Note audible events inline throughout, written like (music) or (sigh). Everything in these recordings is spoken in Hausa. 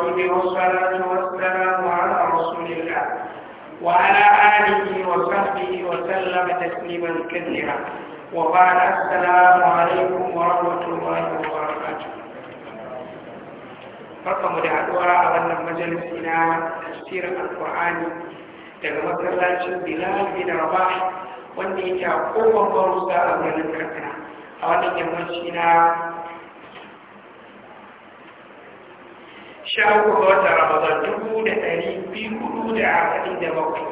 الرحيم والصلاة والسلام على رسول الله وعلى آله وصحبه وسلم تسليما كثيرا وبعد السلام عليكم ورحمة الله وبركاته barkanmu da haɗuwa a wannan majalisi na tafsirin alkur'ani daga masallacin bilal bin rabah wanda yake a kowan barusa a birnin katsina a wannan yammaci na sha uku ga watan ramadan dubu da ɗari biyu hudu da arba'in da bakwai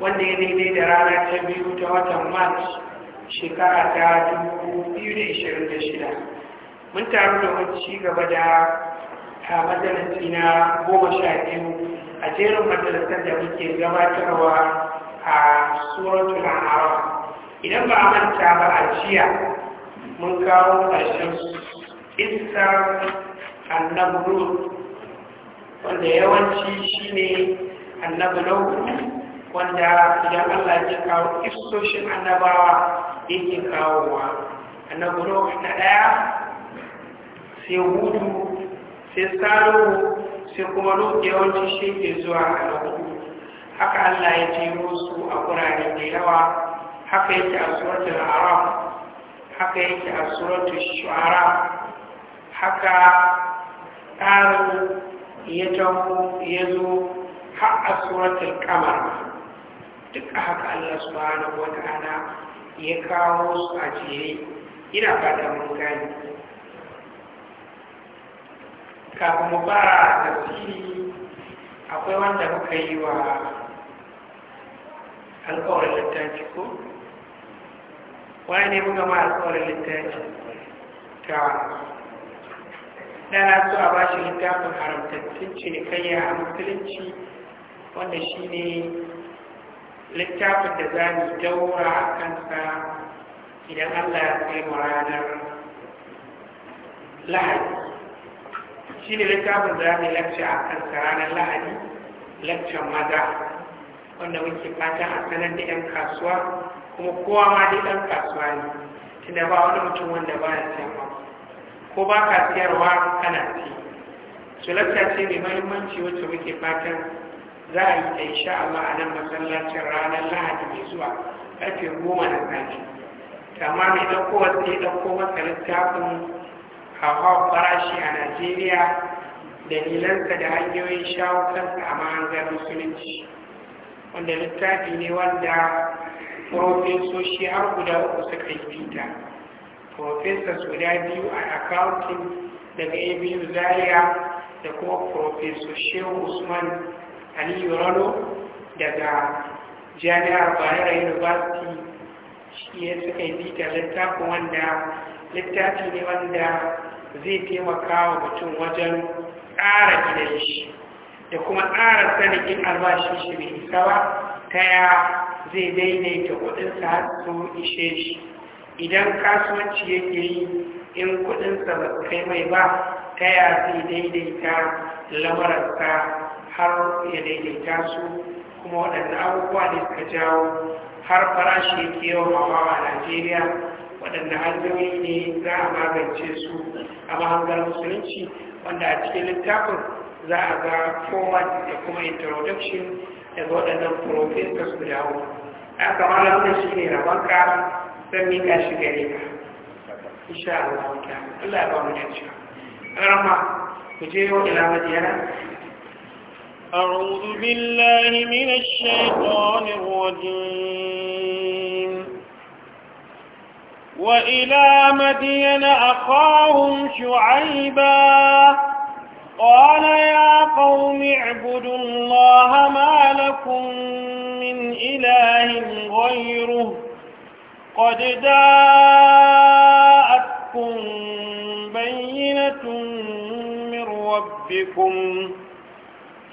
wanda ya daidai da rana ta biyu ta watan march shekara ta dubu biyu da ishirin da shida mun taru domin ci gaba da a majalisi na goma sha biyu a jerin majalisar da muke gabatarwa a suratul a'raf idan ba a manta ba a jiya mun kawo ƙarshen isar annabi wanda yawanci shi ne annabi nuhu wanda idan Allah ya kawo kistoshin annabawa yake kawowa annabi nuhu na daya sai hudu sai tsaro sai kuma nuhu yawanci shi ke zuwa annabi haka Allah ya jero su a gurare da yawa haka yake a suratul araf haka yake a suratul shu'ara haka tsarin ya taho ya zo har a suratul kamar duk a haka Allah subhanahu wa ta'ala ya kawo su a jere ina fata mun gani kafin mu fara tafsiri akwai wanda muka yi wa alƙawarin littafi ko wani ne muka ma alƙawarin littafi ta ɗaya su a bashi littafin haramtattun cinikayya a musulunci wanda shi ne littafin da za mu daura a kansa idan allah ya kai mu ranar lahadi shi ne littafin da za mu lakci a kansa ranar lahadi lakcin maza wanda muke fata a sanar da 'yan kasuwa kuma kowa ma dai 'yan kasuwa ne tunda ba wani mutum wanda ba ya sayan ko ba ka siyarwa kana ci sulacca ce mai mahimmanci wacce muke fatan za a yi ta sha Allah a nan masallacin ranar lahadi mai zuwa ƙarfe goma na safe amma mai ɗauko wasu ya ɗauko masa littafin hawa farashi a najeriya dalilansa da hanyoyin shawo kansa a mahangar musulunci wanda littafi ne wanda profesoshi har guda uku suka yi fita. su guda biyu a accounting daga abu zaria da kuma profesor shehu usman aliyu rano daga jami'ar bayero university shi ya suka yi bita littafin wanda littafi ne wanda zai taimaka wa mutum wajen tsara gidan shi da kuma tsara sanakin albashi shi mai isa ba ta ya zai daidaita kudinsa har su ishe shi idan kasuwanci yake yi in kudinsa ba kai mai ba ta ya zai daidaita lamararsa har ya daidaita su kuma waɗanda abubuwa ne suka jawo har farashi yake yau mawa a najeriya waɗanda hanyoyi ne za a magance su a mahangar musulunci wanda a cikin littafin za a ga format da kuma introduction daga waɗannan professors guda hudu aka kamar da shi ne rabanka zan mika shi gare ka insha Allah ta Allah ya ba mu dace rama ku أعوذ بالله من الشيطان الرجيم وإلى مدين أخاهم شعيبا قال يا قوم اعبدوا الله ما لكم من إله غيره قد جاءتكم بينة من ربكم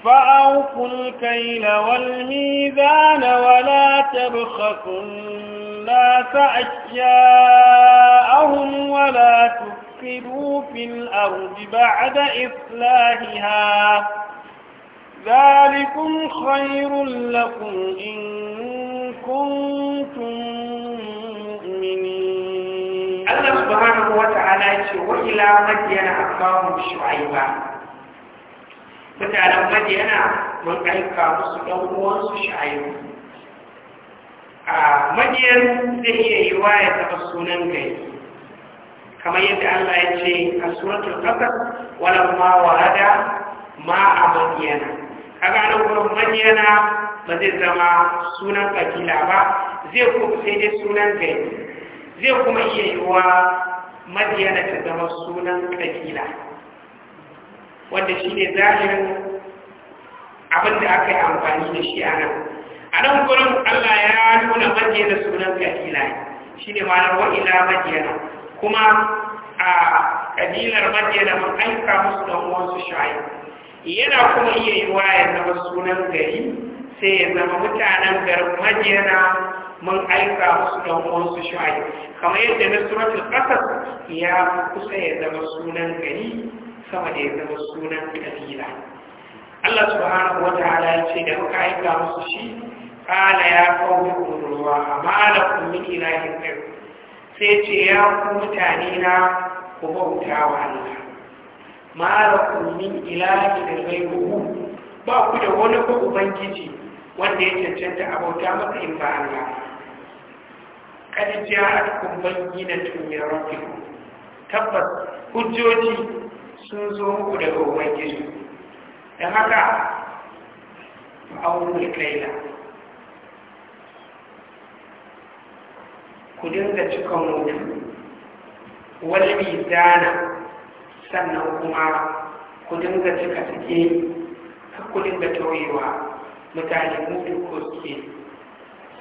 فأوفوا الكيل والميزان ولا تبخسوا الناس أشياءهم ولا تفسدوا في الأرض بعد إصلاحها ذلكم خير لكم إن كنتم Allah subhanahu wa ta'ala ya ce wa ila madiyana akawun shu'aiba mutanen madiyana mun aika musu ɗan uwansu shu'aibu a madiyan zai iya yi wa ya taɓa sunan gari kamar yadda Allah ya ce a suratul qasas walamma warada ma a madiyana a gano wurin madiyana ba zai zama sunan kabila ba zai kuma sai dai sunan gari zai kuma iya yiwuwa madiyana ta zama sunan kabila wanda shi ne zahirin abin da aka yi amfani da shi a nan a nan gurin allah ya nuna madiyana sunan kabila shi ne ma'anar wa'ila madiyana kuma a ƙabilar madiyana mun aika musu don wasu shayi yana kuma iya wa ya zama sunan gari sai ya zama mutanen garin madiyana mun aika musu ɗan uwansu shu'aib kamar yadda na suratul qasas ya kusa ya zama sunan gari sama da ya zama sunan kabila Allah subhanahu wataala ya ce da muka aika musu shi qala ya qawmi quruwa ma lakum min ilahin ghayr sai ce ya ku mutane na ku bauta wa Allah ma lakum min ilahin ghayr ba ku da wani ko ubangiji wanda ya cancanta a bauta masa in ba Allah kada banki na min rabbikum tabbas hujjoji sun zo muku daga ubangiji da haka fa'aunul kaila ku dinga cika mutu wani zana sannan kuma ku dinga cika suke ku dinga tauyewa mutane mutu ko suke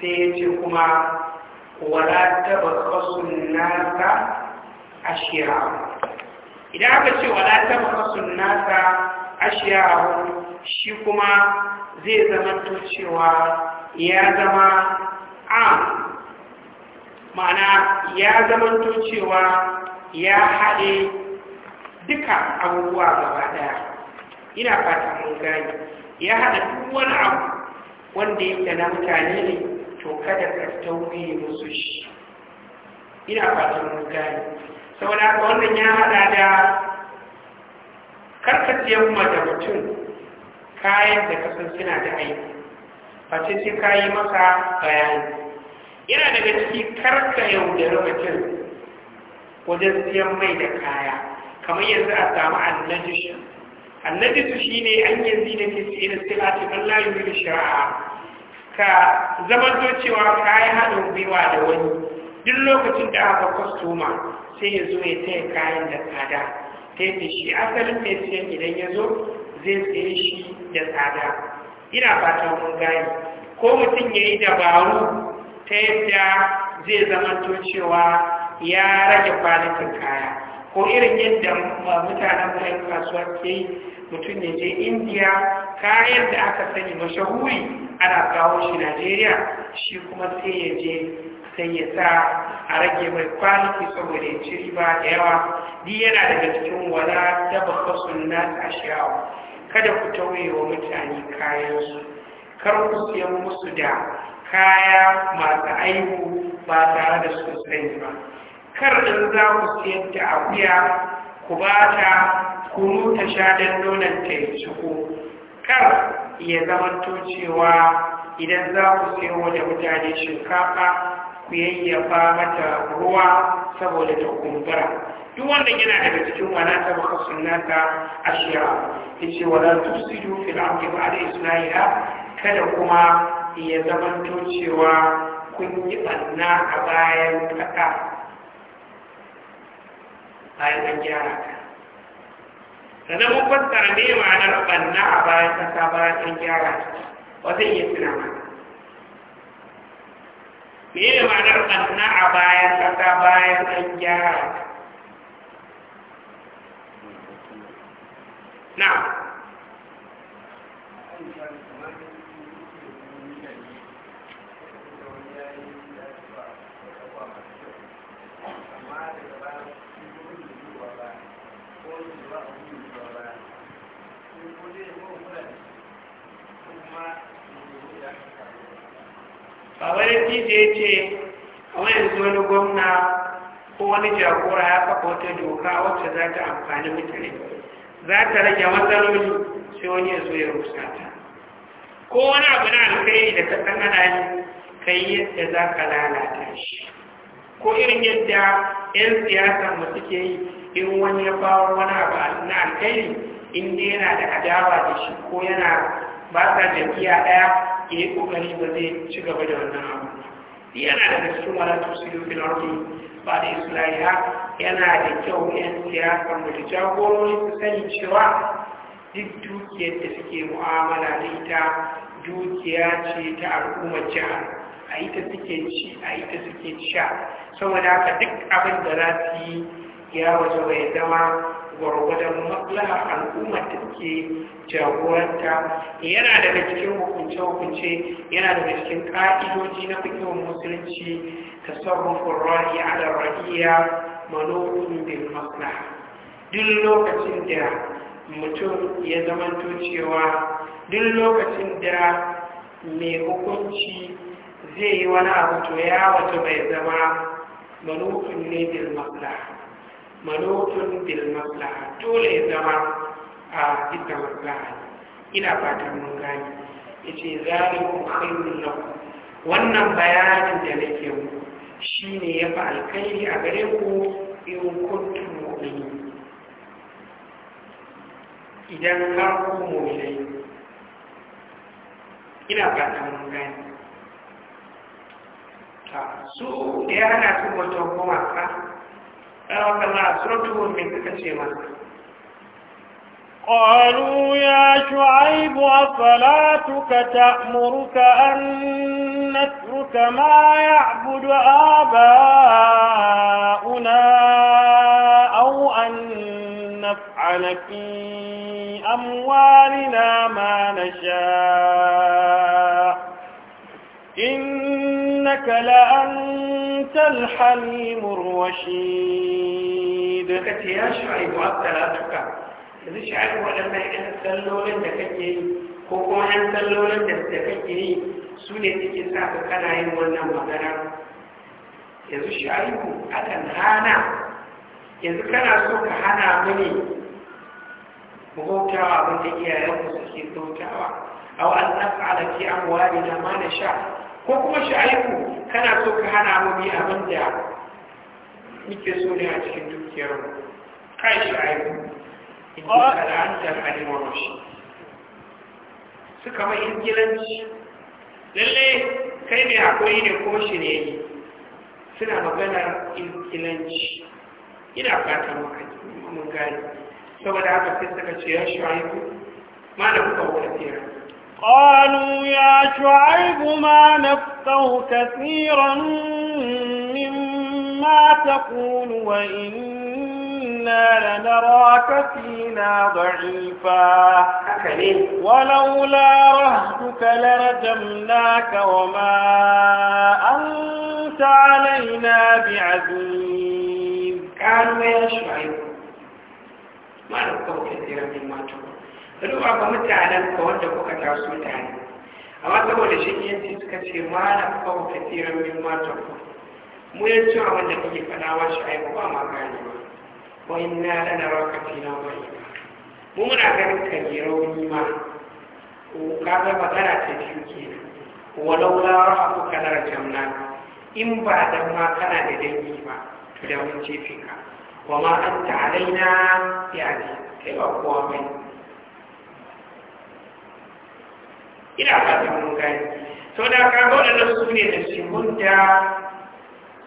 sai ya ce kuma wala tabakhasu nasa ashiya idan aka ce wala tabakhasu nasa ashiya shi kuma zai zama to cewa ya zama a ma'ana ya zama to cewa ya haɗe duka abubuwa gaba ɗaya ina fata mun gani ya haɗa duk wani abu wanda yake na mutane ne to kada ka tauye musu shi ina fatan mun gani saboda haka wannan ya hada da karkaciyar da mutum kayan da kasan suna da aiki face sai ka yi masa bayani yana daga ciki karka yaudari mutum wajen siyan mai da kaya kamar yanzu a samu annajishin annajishin shi ne an yanzu da ke sai a cikin layu da shari'a ka zamanto cewa ka yi haɗin gwiwa da wani duk lokacin da aka kwastoma sai ya zo ya taya kayan da tsada ta yi shi asalin mai idan ya zo zai tsaye shi da tsada ina fatan mun gani ko mutum ya yi dabaru ta yadda zai zamanto cewa ya rage kwanakin kaya ko irin yadda mutanen mu kasuwa ke yi mutum ne je indiya kayan da aka sani mashahuri ana kawo shi najeriya shi kuma sai ya je sai ya sa a rage mai kwaliki saboda ya ci riba da yawa ni yana daga cikin wala da suna ta shawo kada ku tauye wa mutane kayansu kar ku siyan musu da kaya masu aihu ba tare da su ba kar in za ku siyar da akuya ku ba ta kunu ta sha don nonon ta yi ciko kar ya zamanto cewa idan za ku siyo da mutane shinkafa ku yayyafa mata ruwa saboda ta kumbura duk wannan yana daga cikin wana ta baka sunnata ashiya yace wala tusidu fil ba da Isra'ila? kada kuma ya zamanto cewa kun yi banna a bayan kaɗa. bayan an gyara ta sannan mun fassara me ma'anar banna a bayan kasa bayan an gyara ta wata iya tuna mana me ne ma'anar banna a bayan kasa bayan an gyara ta na ce ce wani yanzu wani gwamna ko wani jagora ya kafa wata doka wacce za ta amfani mutane za ta rage matsaloli sai wani ya zo ya rusa ta ko wani abu na alkhairi da ta san ana yi kai yadda za ka lalata shi ko irin yadda 'yan siyasar mu suke yi in wani ya bawa wani abu na alkhairi in dai yana da adawa da shi ko yana ba sa ɗaya ya yi ƙoƙari ba zai ci gaba da wannan abu yana da suma na tusiru fi ardi ba da islahiya yana da kyau yan siyasa mu da jagorori su sani cewa duk dukiyar da suke mu'amala da ita dukiya ce ta al'ummar jihar a ita suke ci a ta suke sha saboda haka duk abin da za su yi ya waje bai zama gwargwadon maslaha al'ummar da suke jagoranta yana daga cikin hukunce-hukunce yana daga cikin ƙa'idoji na fikin musulunci ta sarrufin rahi ala rahiya manufin bin maslaha duk lokacin da mutum ya zama cewa duk lokacin da mai hukunci zai yi wani abu to ya wato bai zama manufin ne bin maslaha manotun bil dole ya zama a bisa maslaha ina fatan mun gani yace zalikum khairun lakum wannan bayanin da nake ne ya fi alkhairi a gare ku in kuntum mu'minin idan har ku mu'minai ina fatan mun gani ta su da ya hana su mutum kuma أو كما من كثيرا قالوا يا شعيب أصلاتك تأمرك أن نترك ما يعبد آباؤنا أو أن نفعل في أموالنا ما نشاء لأنت الحليم الرشيد كتي يا شعيب عبد الأدكى إذا شعيب ولما أن تلولن تكي كوكو أن تلولن تكي سنة تكساك كان يمونا مدرا yanzu shari'u akan hana yanzu kana so ka hana mini bautawa abin da iyayenmu suke bautawa aw an naf'ala fi amwalina ma nasha ko kuma shu'aibu kana so ka hana mu bi abin da muke so ne a cikin dukiyar mu kai shu'aibu in ka da an ta shi suka mai ingilanci lalle kai ne haƙuri ne ko shi ne yi suna magana ingilanci ina fatan maka mun gani saboda haka sai suka ce ya shu'aibu ma da kuka wata tsira قالوا يا شعيب ما نفقه كثيرا مما تقول وإنا لنراك فينا ضعيفا ولولا رهتك لرجمناك وما أنت علينا بعزيز قالوا يا شعيب ما نفقه كثيرا مما تقول da ba mutanen ka wanda kuka taso tare amma saboda shi yanzu suka ce ma na kawo kasiran min mata ku mu ya ci wanda kake faɗawa shi ai ba ma gane ba wa inna na rakatina wa ina mu muna ganin ka ne rauni ma ka ga kana ta biyu kenan walau la rahaku kana jamna in ba dan ma kana da dangi ba to da mun fi ka wa ma anta alaina ya ne kai ba kowa mai ina fatan mun gani to da ka ga waɗannan su ne da simun da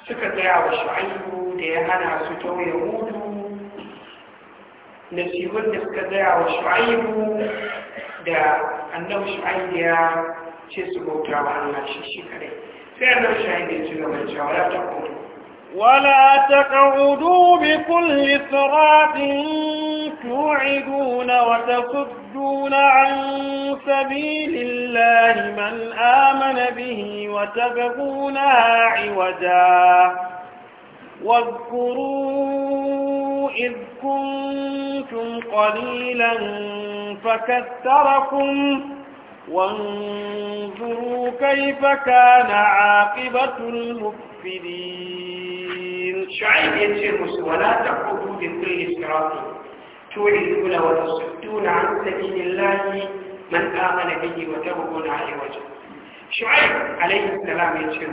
suka tsaya wa shu'aibu da ya hana su tauye hudu nasibin da suka tsaya wa shu'aibu da annabi shu'aibu ya ce su bauta wa Allah shi shi kadai sai annabi shu'aibu ya ci gaba da cewa la taqudu wala taqudu bi kulli siratin توعدون وتصدون عن سبيل الله من آمن به وتبغون عوجا واذكروا إذ كنتم قليلا فكثركم وانظروا كيف كان عاقبة المفسدين شعيب يسير ولا تقعدوا بكل صراط تولدون وتصدون عن سبيل الله من آمن به وتبغون عليه وجه شعيب عليه السلام يشير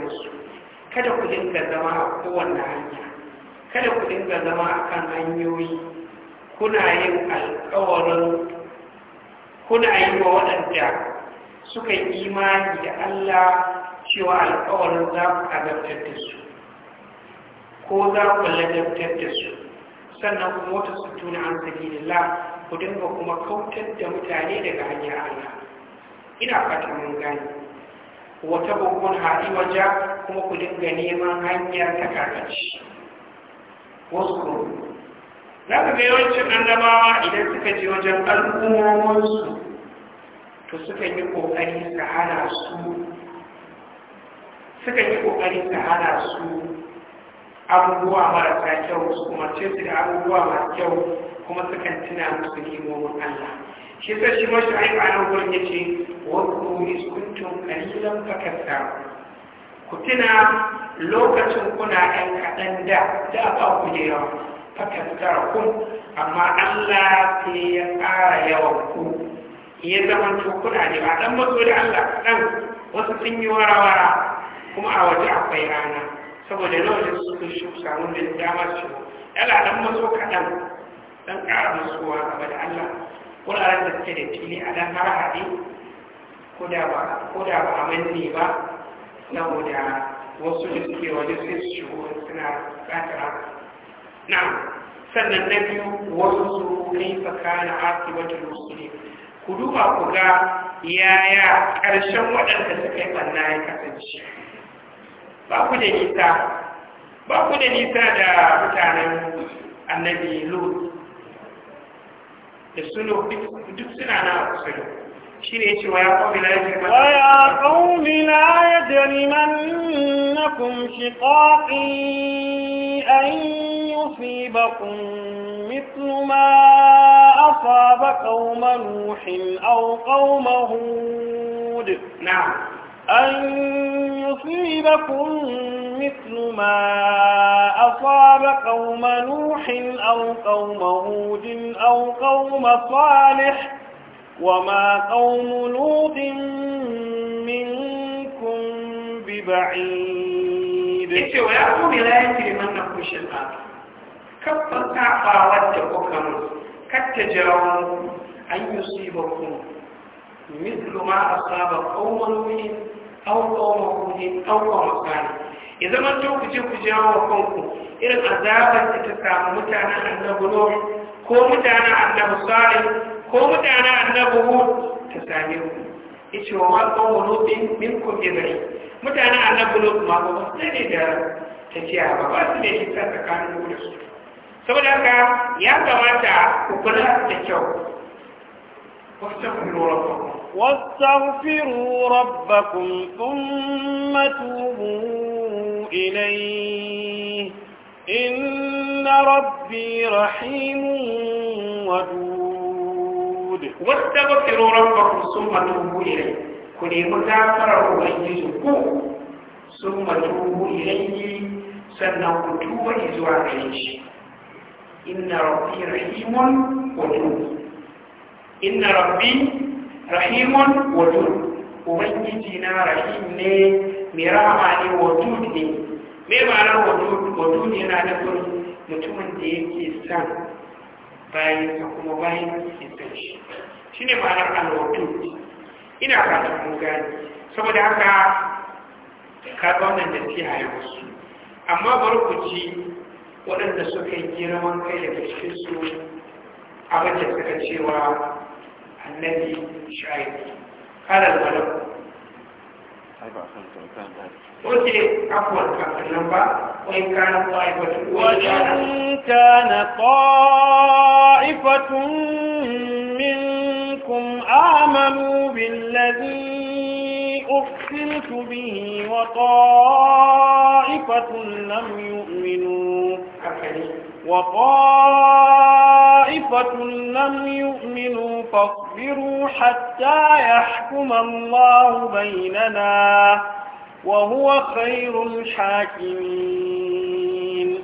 kada ku dinga zama a kowanne hanya kada ku dinga zama a kan hanyoyi kuna yin alkawarin kuna yi wa waɗanda suka yi imani da Allah cewa alkawarin za ku azabtar da ko za ku ladabtar da sannan kuma wata tuna an sabilillah ku dinga kuma kautar da mutane daga hanyar Allah ina fatan mun gani wata babban hari waja kuma ku dinga neman hanyar ta kakaci wasu za ka ga yawancin annabawa idan suka je wajen al'ummomansu, to suka yi kokari su hana su suka yi kokari su hana su abubuwa marasa kyau su ce su da abubuwa masu kyau kuma kan tuna musu himomin Allah shi sai shi mashi yi ba nan gurin yace wasu is kuntun kalilan fakasta ku tuna lokacin kuna ɗan kaɗan da da ba ku da yawa fakasta kun amma Allah sai ya ƙara yawan ku ya zama to kuna ne ba ɗan matso da Allah kaɗan wasu sun yi wara-wara kuma a waje akwai rana saboda yana wajen su shi samu ya dama su yana dan maso kaɗan dan ƙara masuwa a bada Allah wuraren da suke da fili a dan har haɗe ko da ba a manne ba na wuda wasu da suke waje sai su shigo suna ƙatara na sannan na biyu wasu su kai tsakanin asibatul musulmi ku duba ku ga yaya ƙarshen waɗanda suka yi ɓanna ya kasance ba ku da nisa ba ku da nisa da mutanen annabi lord da suno duk suna na kusa shi ne cewa ya kawo bila ya kawo bila ya jariman na kun shi ƙaƙi an yufi bakun a fa ba قوم نوح au قوم هود na. أن يصيبكم مثل ما أصاب قوم نوح أو قوم هود أو قوم صالح وما قوم لوط منكم ببعيد كفر كعفا وتبكر كالتجاوز أن يصيبكم مثل ما أصاب قوم نوح au kawo kuɗi au kawo kare ya zama to ku je ku jawo kanku irin azabar da ta samu mutanen annabi nuh ko mutanen annabi salih ko mutanen annabi hud ta same ku yace wa ma qawmu nuh minkum ibrahim mutanen annabi nuh ma ba su ne da Ta tafiya ba ba su ne shi ta tsakanin da su saboda ka ya kamata ku kula da kyau wasu ta kuma واستغفروا ربكم ثم توبوا إليه إن ربي رحيم ودود واستغفروا ربكم ثم توبوا إليه كل مغفرة ويجزكم ثم توبوا إليه سنة توبة إزواء إن ربي رحيم ودود إن ربي rahimun wadud ubangiji na rahim ne mai rahama ne wadud ne me ma'anar wadud wadud yana nufin mutumin da yake san bayan ka kuma bayan ke san shi shi ne ma'anar alwadud ina fata mun gani saboda haka ka ga wannan da siya haya wasu amma bari ku ci waɗanda suka yi girman kai daga su a wajen suka cewa الذي شعيب قال الولد أيوة، قلت عفوا وإن كان طائفة وإن كان طائفة منكم آمنوا بالذي أرسلت به وطائفة لم يؤمنوا وطائفة لم يؤمنوا فاصبروا حتى يحكم الله بيننا وهو خير الحاكمين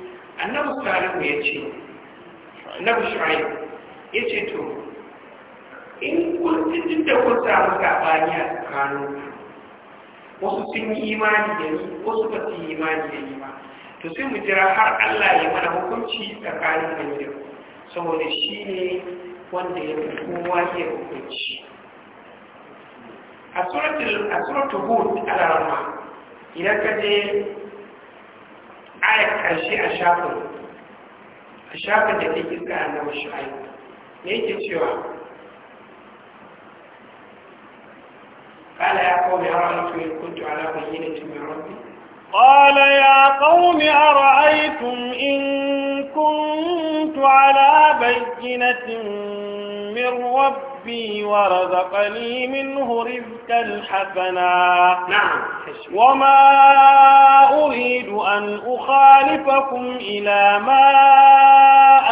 النبي صالح يجي النبي شعيب يجي تو in kun cikin da kun samu saɓani a tsakanin wasu sun yi imani da ni wasu ba su yi imani da ni ba to sai mu jira har Allah ya mana hukunci tsakanin mu ne saboda shi ne wanda ya fi kowa ya hukunci a suratul a suratul hud al idan ka je ayat karshe a shafin a shafin da take iska shi shu'aib me yake cewa قال يا قوم أرأيتم إن كنت على بينة من ربي قال يا قوم أرأيتم إن كنت على بينة من ربي ورزقني منه رزقا حسنا نعم وما أريد أن أخالفكم إلى ما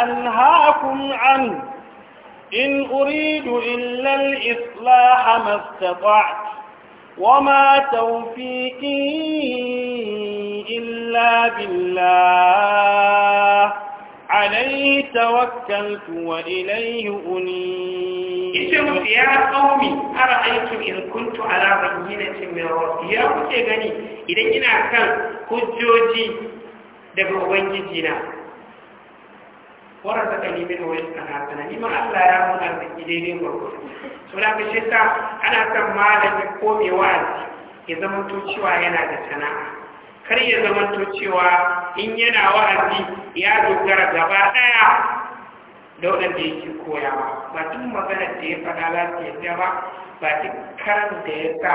أنهاكم عنه إن أريد إلا الإصلاح ما استطعت وما توفيقي إلا بالله عليه توكلت وإليه أنيب إذن يا قومي أرأيتم إن كنت على بينة من ربي يا كنت غني إذا كنا كان حجوجي daga Ubangijina warar da kani min wani ana sana ni ma Allah ya mun arziki daidai gurgudu so da kashi ana san malami ko mai wa'azi ya zama to cewa yana da sana'a kar ya zama to cewa in yana wa'azi ya dogara gaba daya da waɗanda yake koyawa ba duk maganar da ya faɗa za su ba ba duk karan da ya sa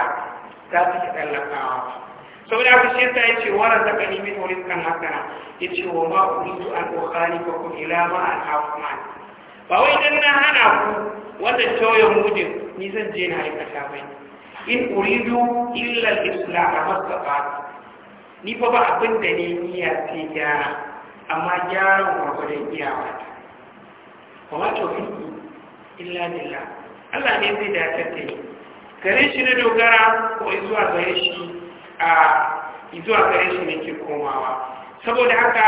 za su yi tsallakawa ba saboda haka shi ta yace wa razaqani min kan hasana yace wa ma uridu an ukhalifakum ila ma an an ba wai dan na hana ku wannan tauye mudin ni zan je na ta bai in uridu illa al-islah mastata ni fa ba abin da ne niyya ce gyara amma gyaran ba ko ma kuma fi illa billah Allah ne zai dace da ni shi na dogara ko izuwa gare shi a zuwa gare shi ne ke komawa saboda haka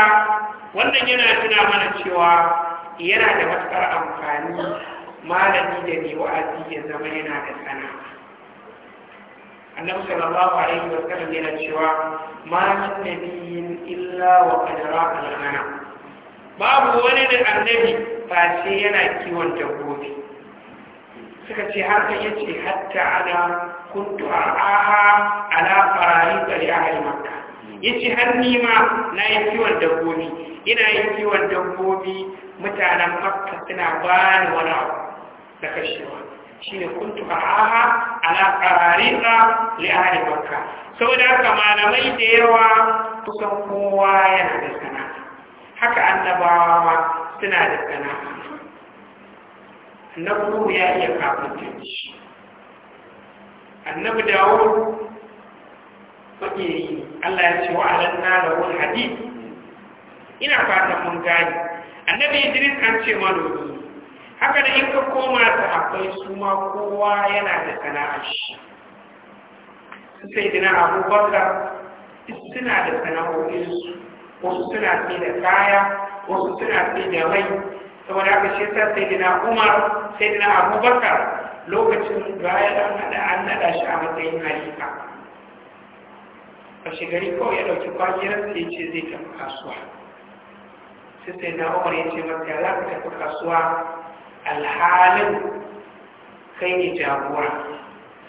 wannan yana tuna mana cewa yana da matuƙar amfani malami da ne wa'azi ya zama yana da tsana annabi sallallahu alaihi wa sallam yana cewa ma min nabiyyin illa wa qad ra'a babu wani da annabi sai yana kiwon dabbobi suka ce haka yace hatta ana kuntu a'aha ala fararika li ahli makka yace har nima ma na yi kiwon dabbobi ina yin kiwon dabbobi mutanen makka suna bani wani abu da kashewa ne kuntu a'aha ala fararika li ahli Sau da haka malamai da yawa kusan kowa yana da sana'a haka annabawa suna da sana'a na ya iya kafin annabi dawo fakiri Allah ya ce wa da wani hadith. ina fatan mun gani annabi Idris an ce manomi haka da in ka koma ta akwai su ma kowa yana da sana'ar shi sai dina abubakar suna da sana'o'insu wasu suna sai da kaya wasu suna sai da mai saboda haka shi sai dina umar sai dina abubakar lokacin bayan an hada an nada shi a matsayin halifa a shigari kawai ya ɗauki kwakiyarsa ya ce zai tafi kasuwa sai sai na umar ya ce ya za ka tafi kasuwa alhalin kai ne jagora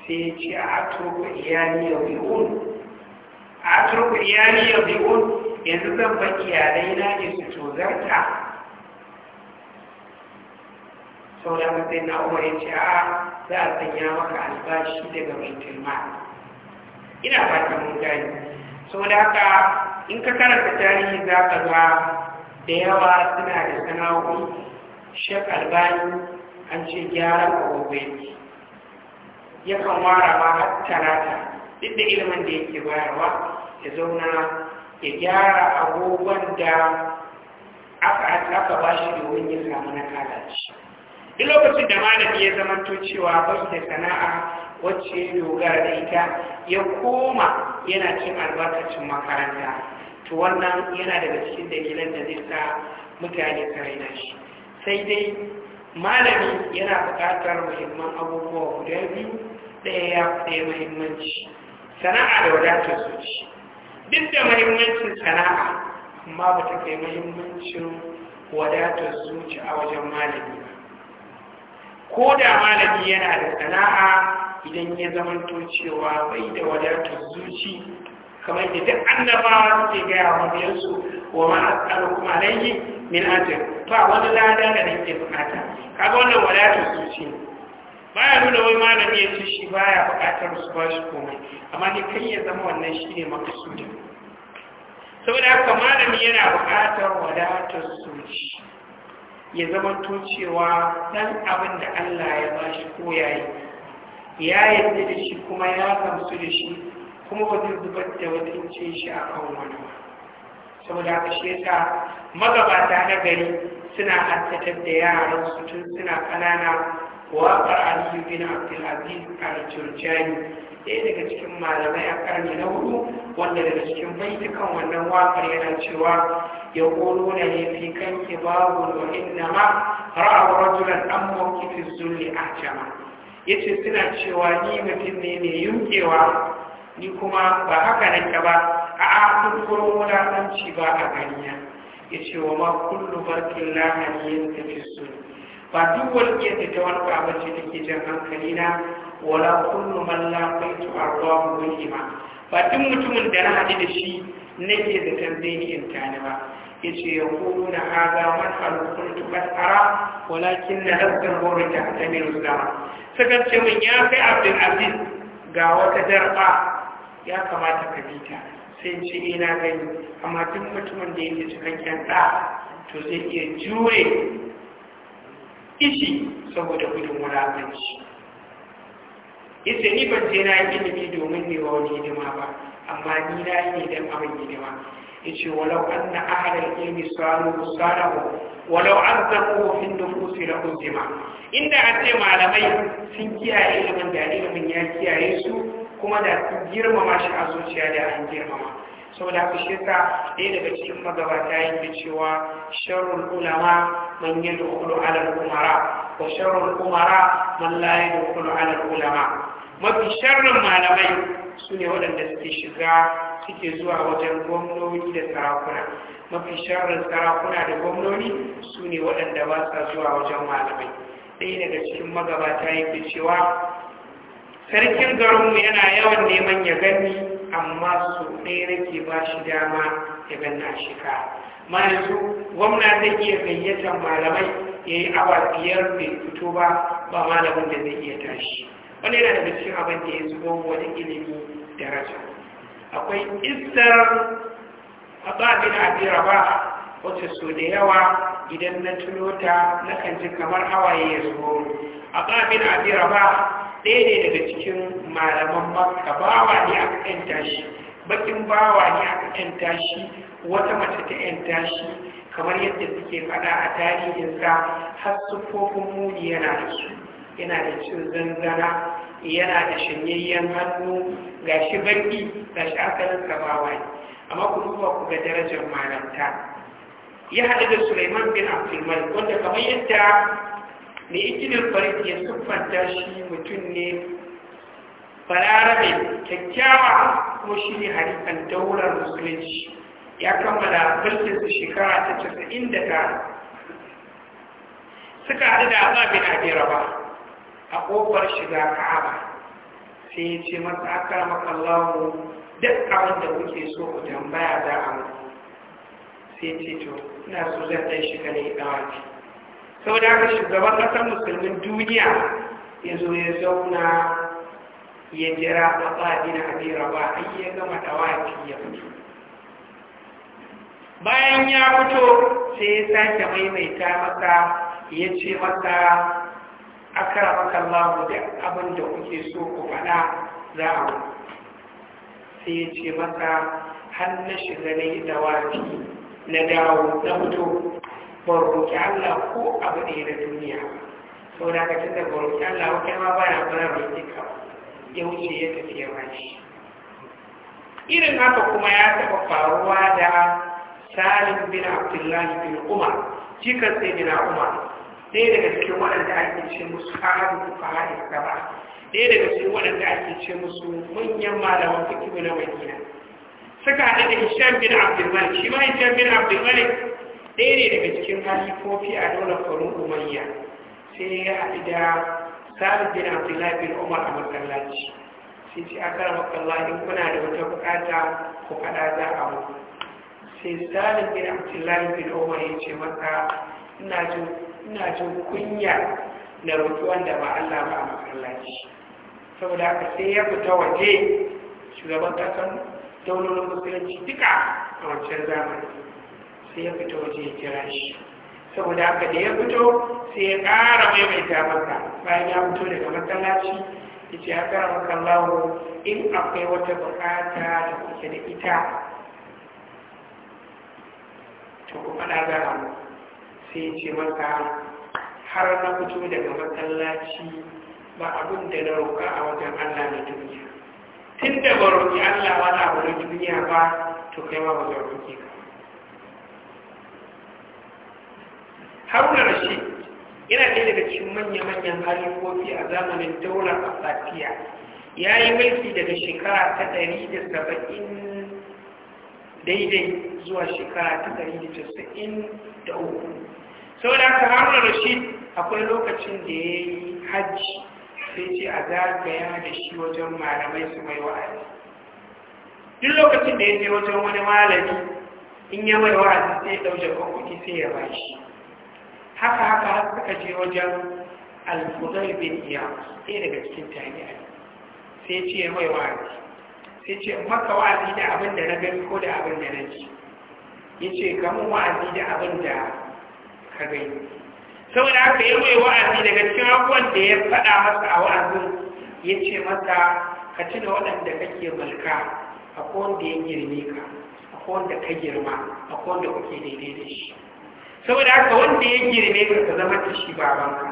sai ya ce a atruku iyali ya un? a atruku iyali ya un? yanzu zan ba iyalai na ne su tozarta saboda haka sai na umar ya ce a za a sanya maka albashi daga mai tilma ina fata mun gani saboda haka in ka karanta tarihi za ka ga da yawa suna da sana'o'i shek albani an ce gyaran ya yakan wara ma tarata. duk da ilimin da yake bayarwa ya zauna ya gyara agogon da aka bashi ba shi domin ya samu na kalaci duk lokacin da malami ya zamanto cewa ba su da sana'a wacce ya dogara da ita ya koma yana cin albarkacin makaranta to wannan yana daga cikin dalilan da zai sa mutane su raina shi sai dai malami yana buƙatar muhimman abubuwa guda biyu ɗaya ya ɗaya muhimmanci sana'a da su zuci duk da muhimmancin sana'a amma ba ta kai muhimmancin wadatar zuci a wajen malami ko da malami yana da sana'a idan ya zamanto cewa bai da wadatar zuci kamar da duk annabawa suke gaya wa mabiyarsu wa ma kuma alayhi min ajr fa wani lada da nake bukata kaga wannan wadatar zuci ne baya nuna wai malami ya ci shi baya bukatar su ba shi komai amma ne kai ya zama wannan shi ne makasudin saboda haka malami yana bukatar wadatar zuci ya zama cewa san abin da Allah ya ba shi ko ya yi ya da shi kuma ya gamsu da shi kuma ba zubar da wadancin shi a kan wani ba saboda haka shi yasa magabata na gari suna hattatar da yaran su tun suna ƙanana waƙar aliyu bin abdulaziz al-jurjani ɗaya daga cikin malamai a ƙarni na hudu wanda daga cikin baitukan wannan wakar yana cewa ya ƙoro na ne fi kan babu wa inna ma ra'abu rajulan an mawkifi zulli a jama ya ce suna cewa ni mutum ne mai yunkewa ni kuma ba haka nake ba a'a kun kuro wulaƙanci ba a ganiya ya ce wa ma kullu barkin lahani yin tafi zulli ba duk walƙiyar da ta wani ba ce take jan hankali na wala kullu man la qaitu ardahu ba duk mutumin da na haɗu da shi nake da tambayi in tani ba yace ya kuna na haza man halukun tukas ara walakin na haskan horon ta mai rusama ce min ya kai abdul aziz ga wata darba ya kamata ka bi ta sai ce ina eh, gani amma duk mutumin da yake cikakken ɗa to zai iya jure ishi saboda gudun wulaƙanci yace ni ban je na yi ilimi domin ne wa wani hidima ba amma ni na yi ne don abin hidima yace walau anna ahlal ilmi salu salahu walau arzaquhu fi nufusi la uzima inda a ce malamai sun kiyaye ilimin da ilimin ya kiyaye su kuma da sun girmama shi a zuciya da an girmama saboda haka shi yasa ɗaya daga cikin magabata ya yi cewa sharrul ulama man yadkhulu ala al-umara wa sharrul umara man la yadkhulu ala al-ulama mafi sharrin malamai sune waɗanda suke shiga suke zuwa wajen gwamnoni da sarakuna mafi sharrin sarakuna da gwamnoni sune waɗanda ba sa zuwa wajen malamai ɗaya daga cikin magabata ya yi cewa sarkin garinmu yana yawan neman ya gani amma su ɗaya nake ba shi dama ya ganna shika mana su gwamna zai iya gayyatar malamai ya yi awa biyar bai fito ba ba malamin da zai iya tashi wani yana da cikin abin da ya zubo wani ilimi da akwai isar, a na abira ba wata so da yawa idan na tuno ta kan ji kamar hawaye ya zubo a babin abira ba ɗaya ne daga cikin malaman makka bawa ne aka yanta shi bakin bawa ne aka yanta shi wata mace ta yanta tashi, kamar yadda suke faɗa a tarihinsa har siffofin muni yana da su yana da cin zanzana yana da shanyayyen hannu ga shi baki ga shi asalin sabawa ne amma ku duba ku ga darajar malanta ya haɗu da suleiman bin abdulmalik wanda kamar yadda mai ikilin farki ya siffanta shi mutum ne fararabe kyakkyawa ko shi ne harifan daular musulunci ya kammala su shekara ta casa'in da tara suka haɗu da azabin ba, a ƙofar shiga ka'aba sai ya ce masa aka makallahu duk abin da kuke so ku tambaya za a mu sai ce to ina so zan ɗan shiga ne ce sau da haka shugaban kasar musulmin duniya ya zo ya zauna ya jira matsaɗi na hadira ba a yi ya gama dawaki ya fito bayan ya fito sai ya sake maimaita masa ya ce masa akara makallahu da abin da kuke so ku faɗa za a sai ya ce masa har shiga na yi na dawo na fito ban roƙi Allah ko abu ɗaya na duniya sau na ka tunda ban roƙi Allah ko kai ma ba na bana roƙi ka ya wuce ya tafi ya irin haka kuma ya taɓa faruwa da salim bin abdullahi bin umar cikar sai bin umar ɗaya daga cikin waɗanda ake ce musu ƙarin fuka da ba ɗaya daga cikin waɗanda ake ce musu manyan malaman fikihu na madina suka haɗe da hisham bin Abdullahi, shi ma hisham bin Abdullahi. ɗaya ne daga cikin halifofi a daular faru umariya sai ya haɗu da sabis bin abdullahi bin umar a masallaci sai ce a kara masallaci kuna da wata bukata ko kada za a mu sai sabis bin abdullahi bin umar ya ce masa ina jin kunya na roƙi wanda ba allah ba a masallaci saboda haka sai ya fita waje shugaban kasan daular musulunci duka a wancan zamani sai ya fito waje ya kira shi saboda haka da ya fito sai ya ƙara maimaita maka bayan ya fito daga matsalaci ya ce ya ƙara maka in akwai wata buƙata da kuke da ita to kuma na gara sai ya ce maka har na fito daga masallaci ba abin da na roƙa a wajen Allah na duniya tun da ba roƙi Allah wani abu na duniya ba to kai ma ba za ka haruna rashid yana ɗaya daga cikin manya-manyan halifofi a zamanin a abbasiya ya yi mulki daga shekara ta ɗari da saba'in daidai zuwa shekara ta ɗari da casa'in da uku sau da aka haruna rashid akwai lokacin da ya yi hajji sai ce a zagaya da shi wajen malamai su mai wa'azi duk lokacin da ya je wajen wani malami in ya mai wa'azi sai ya ɗauke kwakwaki sai ya bashi haka haka har suka je wajen al-fudai bin iyas sai daga cikin tabi'ai sai ce mai wa'azi sai ce maka wa'azi da abin da na gani ko da abin da na ji yace gamu wa'azi da abin da ka gani saboda haka ya mai wa'azi daga cikin abubuwan da ya faɗa masa a wa'azin ya ce masa ka tuna waɗanda kake mulka akwai wanda ya girme ka akwai wanda ka girma akwai wanda kuke daidai da shi saboda haka wanda ya girme ka ka zama da shi babanka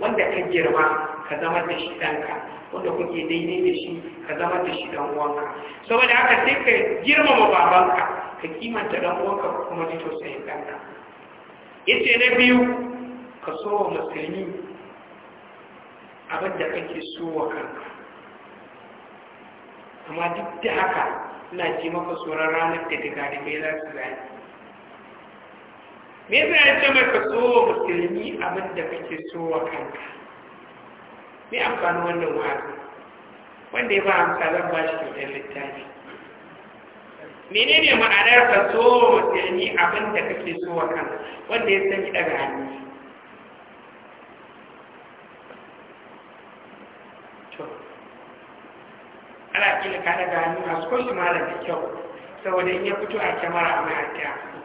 wanda ka girma ka zama da shi ɗanka wanda kuke daidai da shi ka zama da shi ɗan uwanka saboda haka sai ka girmama babanka ka kimanta dan uwanka ka kuma ji tausayin ɗanka yace na biyu ka so wa musulmi abin da kake so wa kanka amma duk da haka ina ce maka tsoron ranar da daga da bai za su zai me yasa ya ce maka so musulmi abin da kake so wa kanka me amfanin wannan wa'azi wanda ya ba amsa zan ba shi kyautar littafi ne ma'anar ka so musulmi abin da kake so wa kanka wanda ya sani daga hannu ana ƙila ka daga hannu masu kwanci malam da kyau saboda in ya fito a kyamara a mahaifiyarsa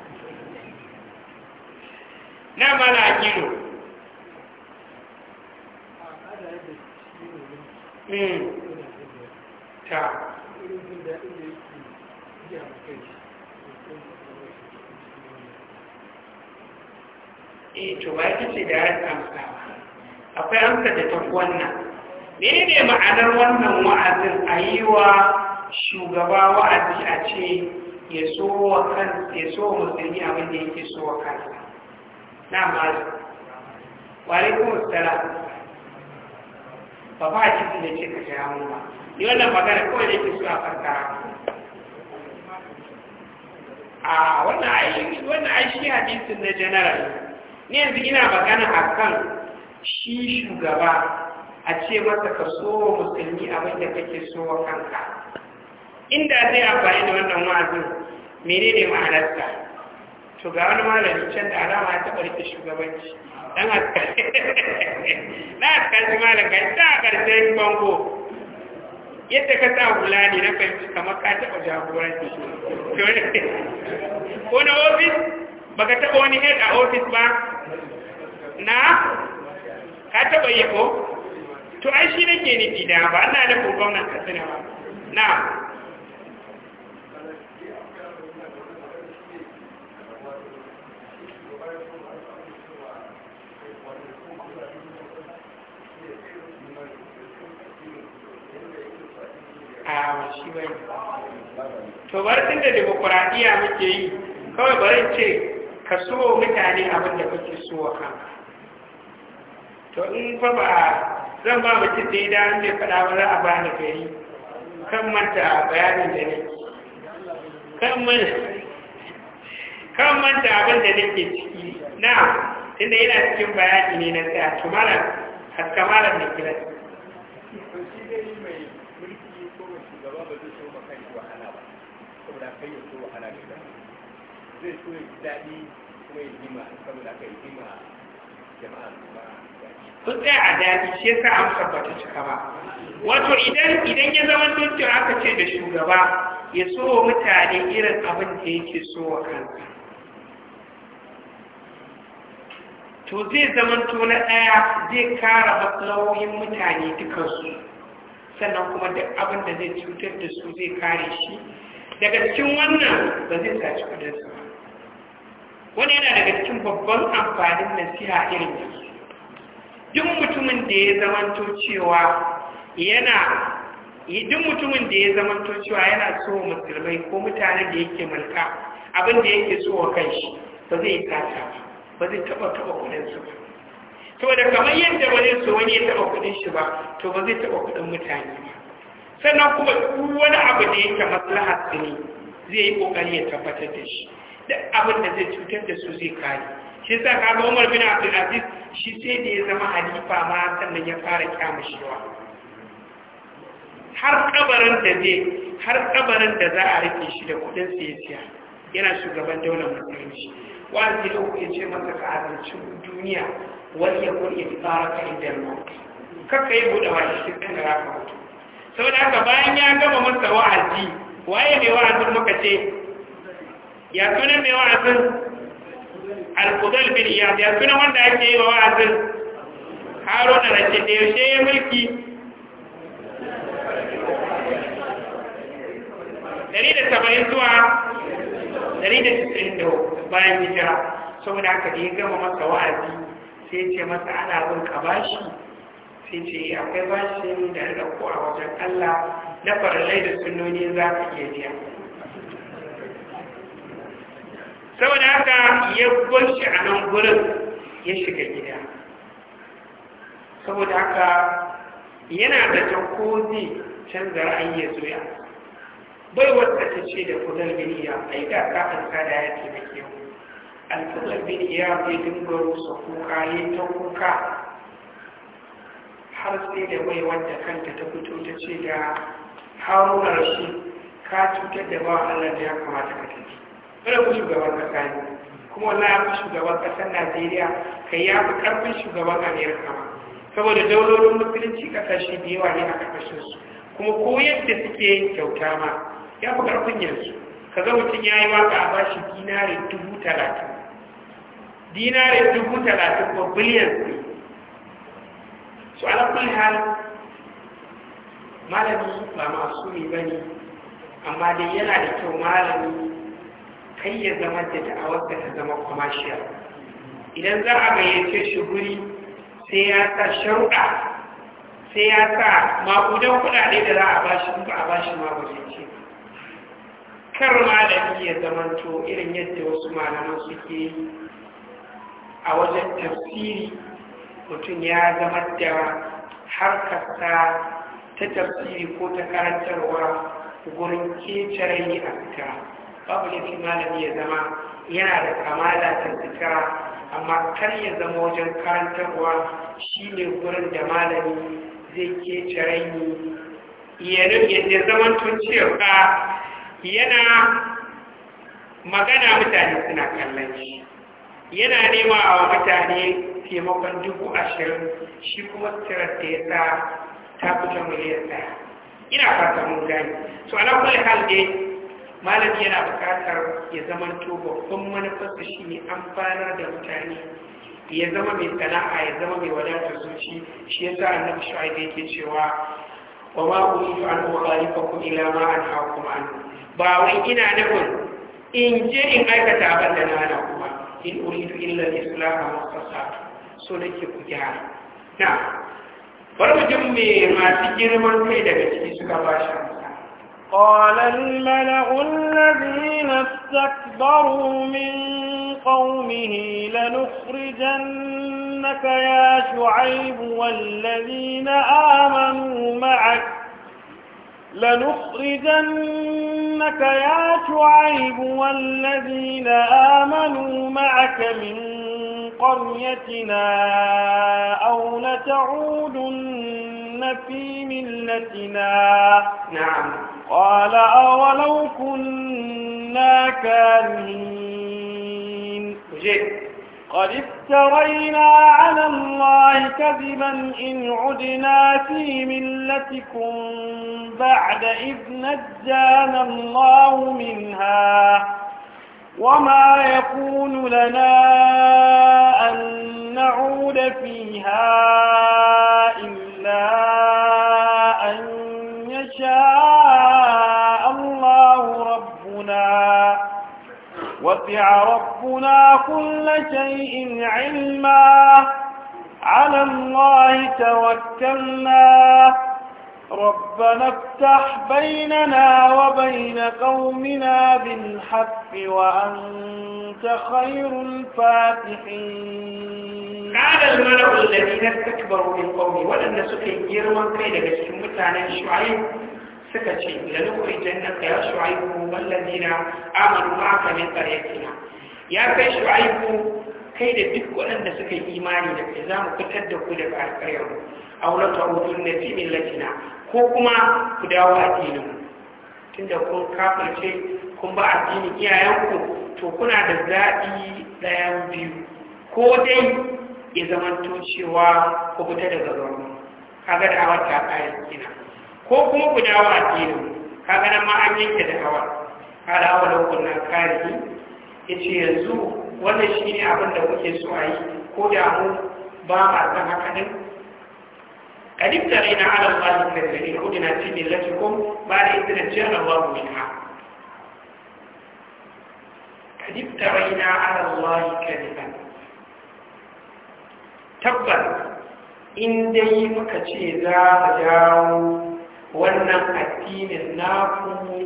na mana kilo hmm. ta e to ba ita ce da yadda akwai amsa da ta wannan ne ne ma'anar wannan wa'azin a yi wa shugaba wa'azi a ce ya so wa musulmi abin da yake so wa kansa na malu wale kuma tsara ba ba cikin da ce ka shaya mun ba ni wannan magana kawai da ke so a farka a wannan aiki wannan ayi hadisin na general ni yanzu ina magana akan shi shugaba a ce masa ka so musulmi abin da kake so wa kanka inda zai amfani da wannan wa'azin menene ma'anarsa to ga wani malami can da alama ta taɓa rike shugabanci dan (laughs) na kaji malam kai ta a karshen bango yadda ka sa hula ne na fahimci kamar ka taɓa jagoranci (laughs) ko na ofis ka taɓa wani head a ofis ba na ka taɓa yi ko to ai shi nake ne da ba ana nufin gwamnan katsina ba na shi to bar tun da demokuraɗiyya muke yi kawai bari ce ka so mutane abin da kake so wa kanka to in fa ba zan ba dai da an bai faɗa ba za a ba ni gari kan manta bayanin da ne kan manta abin da nake ciki na tunda yana cikin bayani ne na tsaya to malam haska malam ne kira saboda kai ya so wahala da ita zai so ya ji daɗi kuma ya ji ma saboda kai ya ji ma jama'a kuma sun tsaya a daɗi shi yasa an tabbata ta cika ba wato idan idan ya zama dukkan aka ce da shugaba ya so wa mutane irin abin da yake so wa kansa to zai to na ɗaya zai kara matsalolin mutane dukansu sannan kuma duk abin da zai cutar da su zai kare shi daga cikin wannan ba zai saci kudinsa wani yana daga cikin babban amfanin nasiha irin yanzu duk mutumin da ya zamanto cewa yana duk mutumin da ya zamanto cewa yana so musulmai ko mutane da yake mulka abin da yake so wa kanshi ba zai kasa ba zai taba taba kudinsa ba to da kamar yadda ba zai so wani ya taba kudin shi ba to ba zai taba kudin mutane sannan kuma wani abu da yake maslahar su ne zai yi kokari ya tabbatar da shi da abin da zai cutar da su zai kare shi sa kaga Umar bin Abdul Aziz shi sai da ya zama halifa ma sannan ya fara kyamushewa har kabarin da zai har kabarin da za a rike shi da kudin siya yana shugaban daular musulunci wa'azi da uku ya ce masa ka duniya wani ya kun iya fara ka yi buɗe wa shi kan da ka mutu sau da haka bayan ya gama masa wa'azi waye mai wa'azin muka ce ya suna mai wa'azin alkudal bin iyad ya suna wanda ake yi wa wa'azin na rashe da yaushe ya mulki 170 zuwa 194 bayan hijira saboda haka da ya gama masa wa'azi sai ce masa ana bin ka bashi sai ce akwai bashin da na dauko a wajen Allah na farallai da sunoni za ka iya biya saboda haka ya gwashi a nan gurin ya shiga gida saboda haka yana da ko canza ra'ayi ya zuya bai wata ta ce da kudar biniya ai yi ka an da ya taimake yau. alfudar biniya bai dinga rusa kuka ya ta kuka har sai da mai wadda kanta ta fito ta ce da haruna shi. ka cutar da bawa allah da ya kamata ka tafi kada ku shugaban kasa ne kuma wannan ya fi shugaban kasar najeriya kai ya fi karfin shugaban amerika ma saboda daulolin musulunci kasashe da yawa ne a karkashin su kuma ko yadda suke kyauta ma ya fi karfin yanzu ka ga mutum ya yi waka a bashi dinare dubu talatin dinare dubu talatin ko biliyan to ala kulli hal malami ba masumi bane amma dai yana da kyau malami kai ya zama da da'awar da ta zama commercial idan za a gayyace shi guri sai ya sa sharuɗa sai ya sa makudan kuɗaɗe da za a bashi in ba a bashi ma ba ce kar malami ya zamanto irin yadda wasu malaman suke a wajen tafsiri mutum ya zama da harkarsa ta tafsiri ko ta karantarwa gurin rai a fita babu fi malami ya zama yana da kamala ta fita amma kar ya zama wajen karantarwa shine gurin da malami zai kecerayi ya zama tun cewa yana magana mutane suna kallon shi yana nema a mutane taimakon dubu ashirin shi kuma tsirar da ya sa ta fito miliyan ɗaya ina fata mun gani so ana kuma hal dai malami yana buƙatar ya zama to babban manufarsa shi ne amfanar da mutane ya zama mai sana'a ya zama mai wadatar zuci shi ya sa annabi shu'aib yake cewa wa ma uridu an ukhalifakum ila ma anhaakum an ba wai ina nufin in je in aikata abin da na hana kuma in uridu illa al-islam wa so nake ku gyara na bari mu jin me masu girman kai daga ciki suka ba shi قال الملأ الذين استكبروا من قومه لنخرجنك يا شعيب والذين آمنوا معك لنخرجنك يا شعيب والذين آمنوا معك من قريتنا أو لتعودن في ملتنا نعم قال أولو كنا كارهين قد افترينا على الله كذبا إن عدنا في ملتكم بعد إذ نجانا الله منها وما يكون لنا أن نعود فيها إلا أن يشاء الله ربنا وفع ربنا كل شيء علما على الله توكلنا ربنا افتح بيننا وبين قومنا بالحق وأنت خير الفاتحين قال الملأ الذين استكبروا من قومي ولن سكي جرما قيل بسهم متانا شعيب سكتي جنة يا شعيب والذين آمنوا معك من قريتنا يا كي شعيب كيدا بك ولن نسكي إيماني لك إذا مكتدك كل بعد أو لتعودن في ملتنا ko kuma ku dawo addininku tunda kun kafirce kun ba addinin iyayenku to kuna da zaɓi ɗayan biyu ko dai ya zama cewa ku fita daga zaune kaga da hawa ta kayan kina ko kuma ku dawo addininku kaga nan ma an yanke da hawa kada hawa da kunna ya yace yanzu wannan ne abin da kuke so a yi ko da mu ba ma san haka din kadib da rai na ala wani kare ne ko dina ti min laki ko ba da idan jiyar na wani min ha kadib da rai na ala wani kare ban tabbar in dai muka ce za a jawo wannan addinin na ku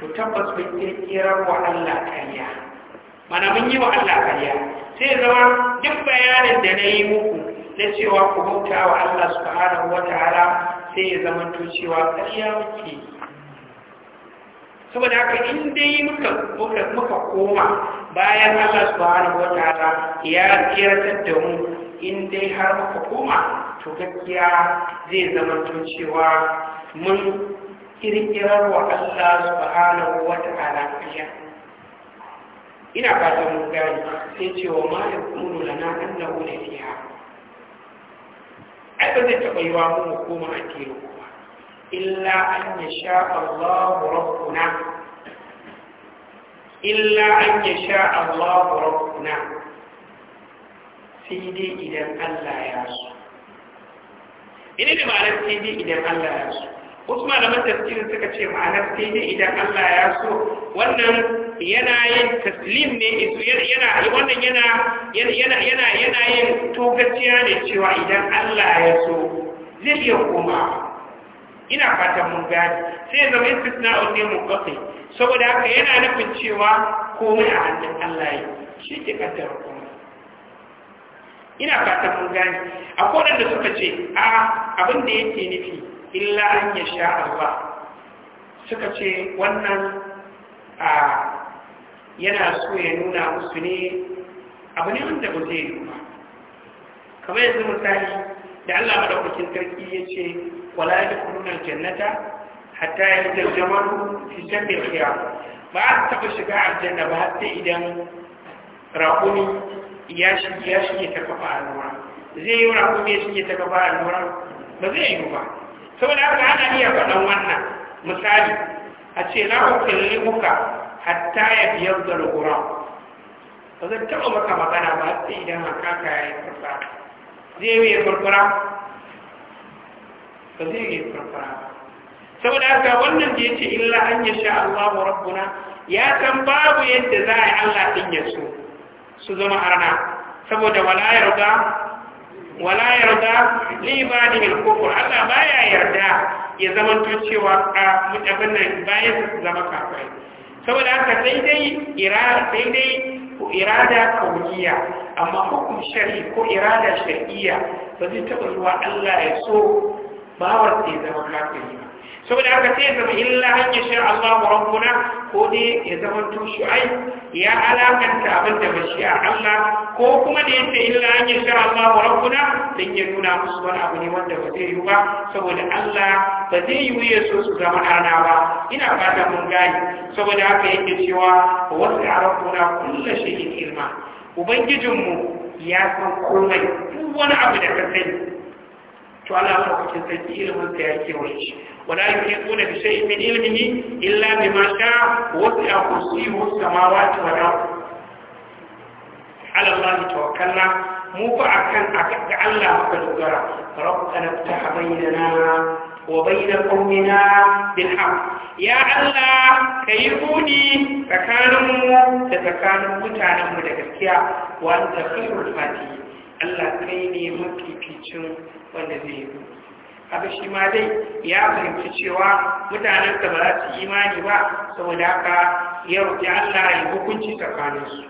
to tabbas mun kirkira wa Allah kariya mana mun yi wa Allah kariya sai zama duk bayanin da na yi muku na cewa ku bauta wa Allah subhanahu wa ta'ala sai ya zama to cewa ƙarya muke saboda haka in dai muka muka muka koma bayan Allah subhanahu wa ta'ala ya tsiratar da mu in dai har muka koma to gaskiya zai zama to cewa mun kirkirar wa Allah subhanahu wa ta'ala ƙarya ina fatan mun gani sai cewa wa ma yakunu lana annahu la fiha ai zai taɓa yi wa mu mu koma addini kuma illa an ya sha Allahu rabbuna illa an ya sha Allahu rabbuna sai dai idan Allah ya so ina da ma'anar sai dai idan Allah ya so wasu da tafsirin suka ce ma'anar sai dai idan Allah ya so wannan yana yin taslim ne yana wannan yana yana yana yana yin tokaciya ne cewa idan Allah ya so zai iya kuma ina fatan mun gani sai zama istisna'un ne mun kafi saboda haka yana nufin cewa komai a hannun Allah ya shi ke kaddara kuma. ina fatan mun gani akwai wanda suka ce a abin da yake nufi illa an ya sha Allah suka ce wannan a yana so ya nuna musu ne abu ne wanda ba zai nuna kamar yanzu misali da Allah kwakin sarki ya ce wala ya duk nuna jannata hatta ya yi jajjamar fi jambin kira ba a taɓa shiga aljanna ba hatta idan raƙuni ya shige ta kafa al'ura zai yi raƙuni ya shige ta kafa al'ura ba zai yi ba saboda haka ana iya faɗan wannan misali a ce na hukulli muka hatta ya biyar da lura ba zan taɓa maka magana ba sai idan haka ka yi farfara zai yi furfura ba zai yi furfura saboda haka wannan da ya ce illa an ya sha Allah wa rabbuna ya san babu yadda za a yi Allah ɗin ya so su zama arna saboda wala yarda wala yarda li ibadihi al Allah baya yarda ya to cewa a mutabin bayan su zama kafirai saboda haka sai dai irada sai ko amma hukum shari'i ko irada shari'iyya ba zai taɓa zuwa Allah ya so bawar sai zama kafin. saboda haka sai zama illa hanyar shi Allah rabbuna ko ne ya zama to shu'ai ya alakanta abin da ba shi a Allah ko kuma da yadda illa hanyar shi Allah rabbuna dan ya nuna musu wani abu ne wanda ba zai yi ba saboda Allah ba zai yi ya so su zama arna ba ina fata mun gani saboda haka yake cewa wasu rabbuna kullu shay'in ilma ubangijinmu ya san komai duk wani abu da ka sani to Allah madaukakin sarki ilimin sa ya kewaye shi wala yuhituna bi shay'in min ilmihi illa bima sha'a wasi'a kursiyuhu samawati wal ard ala Allah tawakkalna mu fa akan ga Allah muka dogara rabbana ftah bainana wa bain qaumina bil haqq ya Allah kai hudi tsakaninmu da tsakanin mutanenmu da gaskiya wa anta khairul fatihin Allah kai ne mafificin wanda zai yi haka shi ma dai ya fahimci cewa mutanen da ba za su imani ba saboda haka ya roƙi Allah ya hukunci tsakaninsu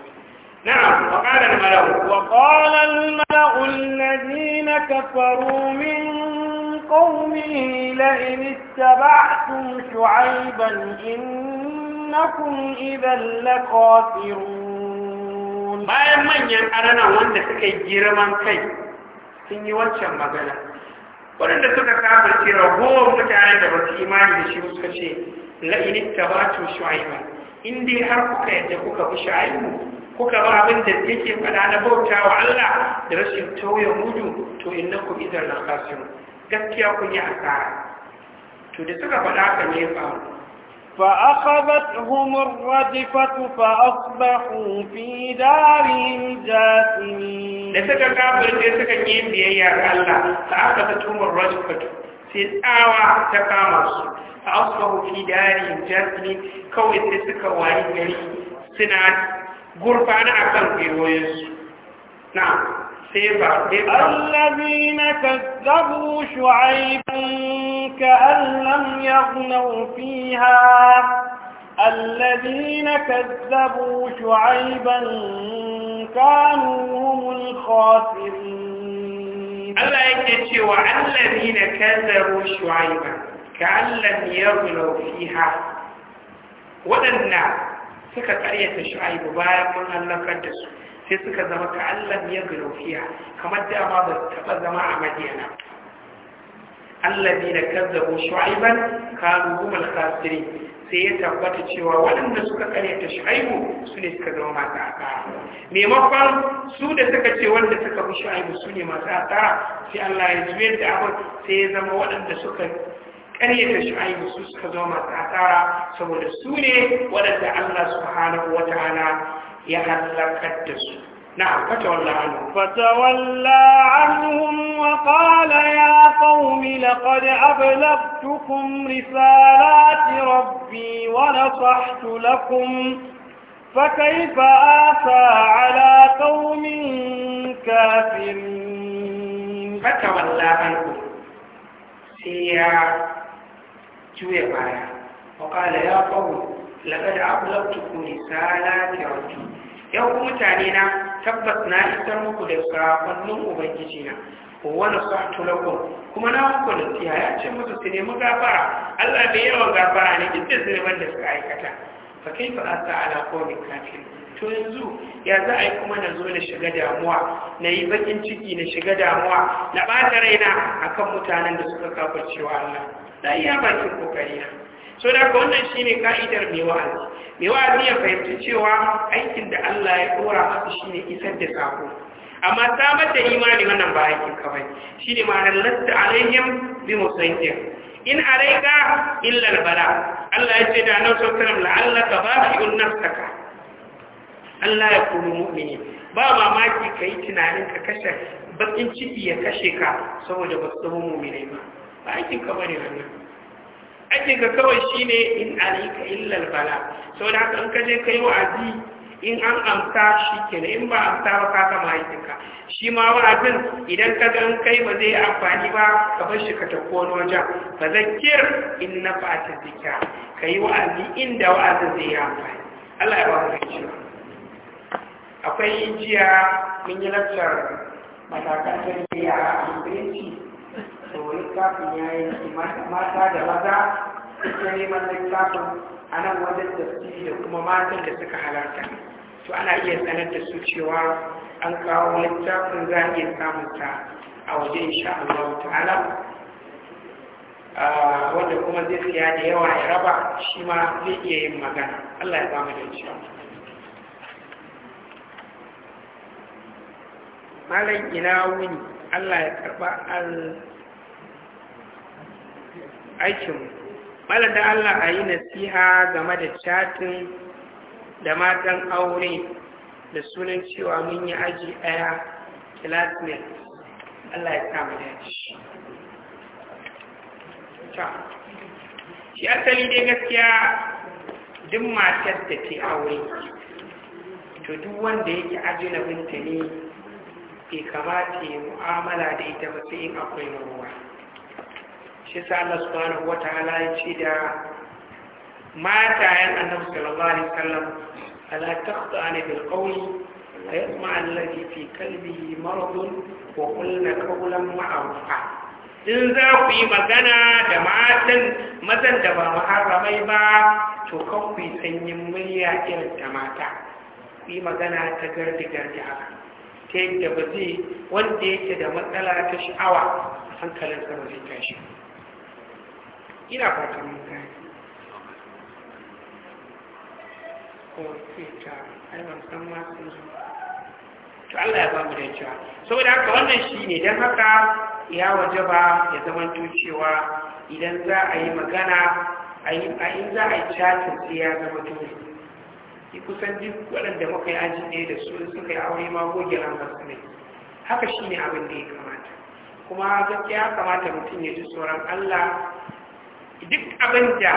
na'am wa qala al-mala'u wa qala al-mala'u alladhina kafaru min qawmihi la in ittaba'tum shu'ayban innakum idhan lakathirun bayan manyan arana wanda suka yi girman kai sun yi wancan magana waɗanda suka kafa ce ragowar mutane da ba su imani da shi suka ce la'inin tabatu shu'aiba in dai har kuka yadda kuka fi shu'aibu kuka ba abin da yake faɗa na bauta wa Allah da rashin tauye mudu to inna ku idan lakasirun gaskiya kun yi asara to da suka faɗa ka ne ya faru فأخذتهم الرجفة فأصبحوا في دارهم جاثمين لسكا في دارهم جاثمين كوي سيسكا واري مري سنة غرفان أكل في رويس نعم سيبا الذين كذبوا شعيبا كأن لم يغنوا فيها الذين كذبوا شعيبا كانوا هم الخاسرين ألا الذين كذبوا شعيبا كأن لم يغنوا فيها ودنا سكة أية شعيب بارك الله قدس في سكة زمك لم يغنوا فيها كما دعما بس كما زمع alladina kazzabu shu'aiban kanu humul khasirin sai ya tabbata cewa waɗanda suka karyata shu'aibu su ne suka zama masu asara maimakon su da suka ce wanda suka bi shu'aibu su ne masu asara sai Allah ya juyar da abin sai ya zama waɗanda suka karyata shu'aibu su suka zama masu asara saboda su ne waɗanda Allah subhanahu wataala ya halakar da su نعم فتولى عنهم فتولى عنهم وقال يا قوم لقد أبلغتكم رسالات ربي ونصحت لكم فكيف آسى على قوم كافرين فتولى عنهم سيا جوي وقال يا قوم لقد أبلغتكم رسالات ربي Yau, mutane na tabbas na isar muku da sakonnin ubangiji na wani sa'atu lakum kuma na muku siya ya ce musu su nemi gafara Allah bai yawan gafara ne duk da zirban da suka aikata fa fa asa ala qawmin kafin. to yanzu ya za a yi kuma na zo na shiga damuwa na yi bakin ciki na shiga damuwa na ɓata raina akan mutanen da suka kafa cewa Allah na iya bakin kokari na so da wannan shine ka'idar mai wa'azi mai wa'azi ya fahimci cewa aikin da Allah ya masu shi ne isar da sako amma samar da imani wannan ba aikin kawai shine ma'anar lasta alaihim bi musayyin in alaika illar bala Allah ya ce da annabi sallallahu alaihi wasallam la'allaka bashi'un nafsaka Allah ya kunu mu'mini ba mamaki kai tunanin ka kashe bakin ciki ya kashe ka saboda ba su zama mu'minai ba ba aikin ka bane wannan ake ga kawai ne in alika illal bala sau da haka in ka je ka yi wa'azi in an amsa shi ke ne in ba amsa ba ka gama shi ma wa'azin idan ka ga in kai ba zai amfani ba ka bar shi ka tafi wani wajen fa zakir in na fata zika ka yi wa'azi inda wa'azi zai yi amfani Allah ya ba mu rikici akwai jiya mun yi lantar matakan tarbiyya a musulunci littafin ya yi mata da maza suke neman littafin a nan wajen tafsiri da kuma matan da suka halarta to ana iya sanar da su cewa an kawo littafin za a iya samun ta a waje insha Allah ta'ala ah, wanda kuma zai siya da yawa ya raba shi ma zai iya yin magana Allah ya ba mu da insha Malam ina wuni Allah ya karba al aikinmu malar da Allah a yi nasiha game da catin, da matan aure da sunan cewa mun yi aji ɗaya classmate Allah ya kama da shi shi asali dai gaskiya duk matar da ke aure to duk wanda yake binta ne bai kamata ya mu'amala da ita ba sai in akwai ruwa shi sa Allah subhanahu wataala ya ce da matayen annabi sallallahu alaihi wasallam ala taqta'ani bil qawli ayatma alladhi fi qalbihi maradun wa qulna qawlan ma'rufa in za ku yi magana da matan mazan da ba muharramai ba to kan ku yi sanyin murya irin ta mata ku yi magana ta gardi gardi haka ta yadda ba zai wanda yake da matsala ta sha'awa hankalin sa zai tashi ina fatan yi. ko fita aiwan san masu to Allah ya ba mu da cewa saboda haka wannan shi ne don haka ya waje ba ya zama cewa idan za a yi magana a yi za a yi chatin sai ya zama to ki kusan duk waɗanda muka yi aji ne da su suka yi aure ma goge lambar su ne haka shi ne abin da ya kamata kuma gaskiya kamata mutum ya ji tsoron Allah duk abin da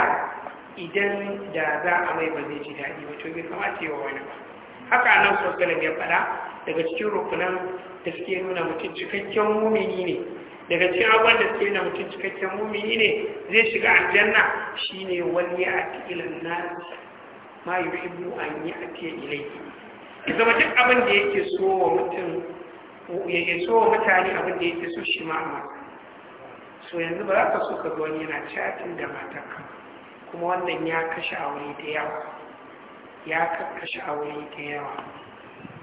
idan da za a mai ba zai ji daɗi wato to bai kamata wa wani ba haka nan sosalam ya faɗa daga cikin rukunan da suke nuna mutum cikakken mumini ne daga cikin abubuwan da suke nuna mutum cikakken mumini ne zai shiga aljanna shine wani ya ati ilan na ma yi ibu an yi ati ilai ya zama duk abin da yake so wa mutum ya so wa mutane abin da yake so shi ma a so yanzu ba za ka so ka ga wani yana chatin da ka kuma wannan ya kashe aure da yawa ya kashe aure da yawa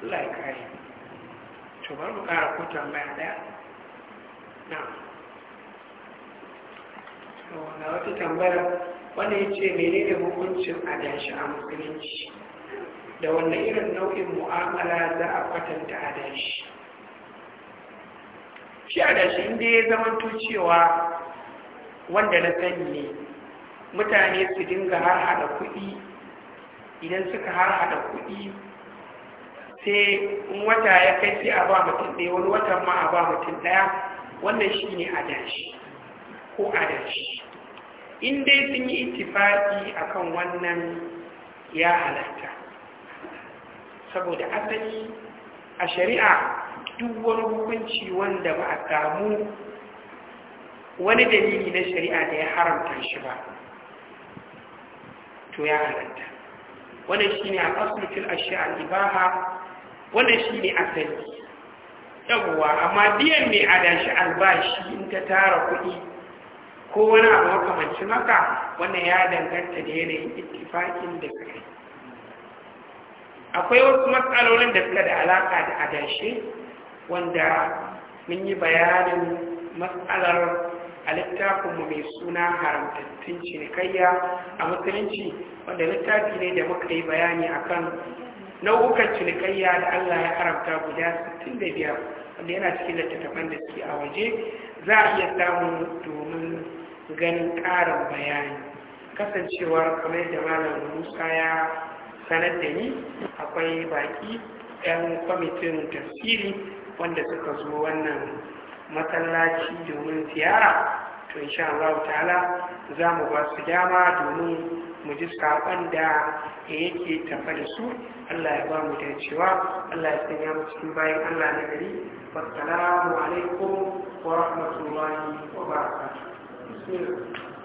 Allah ya kare to bar mu kara ko tambaya daya na na wata tambaya wani ya ce menene hukuncin adashi a musulunci da wannan irin nau'in mu'amala za a kwatanta adashi shi a dashi inda ya zamanto cewa wanda na sani ne mutane su dinga har hada kuɗi idan suka har hada kuɗi sai wata ya kai sai a ba mutum ɗaya wani watan ma a ba mutum ɗaya wannan shi ne a dashi ko a dashi in dai sun yi itifaki akan wannan ya halatta saboda asali a shari'a duk wani hukunci wanda ba a samu wani dalili na shari'a da ya haramta shi ba to ya halatta Wani shi ne a asulutul ashiya al'ibaha wannan shi ne asali yabuwa amma biyan mai adashi albashi in ta tara kuɗi ko wani abu makamanci haka wannan ya danganta da yanayin ittifakin da kai akwai wasu matsalolin da suka da alaƙa da adashi? wanda mun yi bayanin matsalar a littafinmu mai suna haramtattun cinikayya a musulunci wanda littafi ne da muka yi bayani akan nau'ukan cinikayya da Allah ya haramta guda 65 wanda yana cikin littattafan da suke a waje za a iya samun domin ganin ƙarin bayani kasancewar kamar da malam musa ya sanar da ni akwai baki 'yan kwamitin tafsiri wanda suka zo wannan masallaci domin ziyara to insha Allah ta'ala za mu ba su dama domin mu ji saƙon da yake tafa da su Allah ya ba mu dacewa Allah ya sanya mu cikin bayan Allah na gari wassalamu alaikum wa rahmatullahi wa barakatuh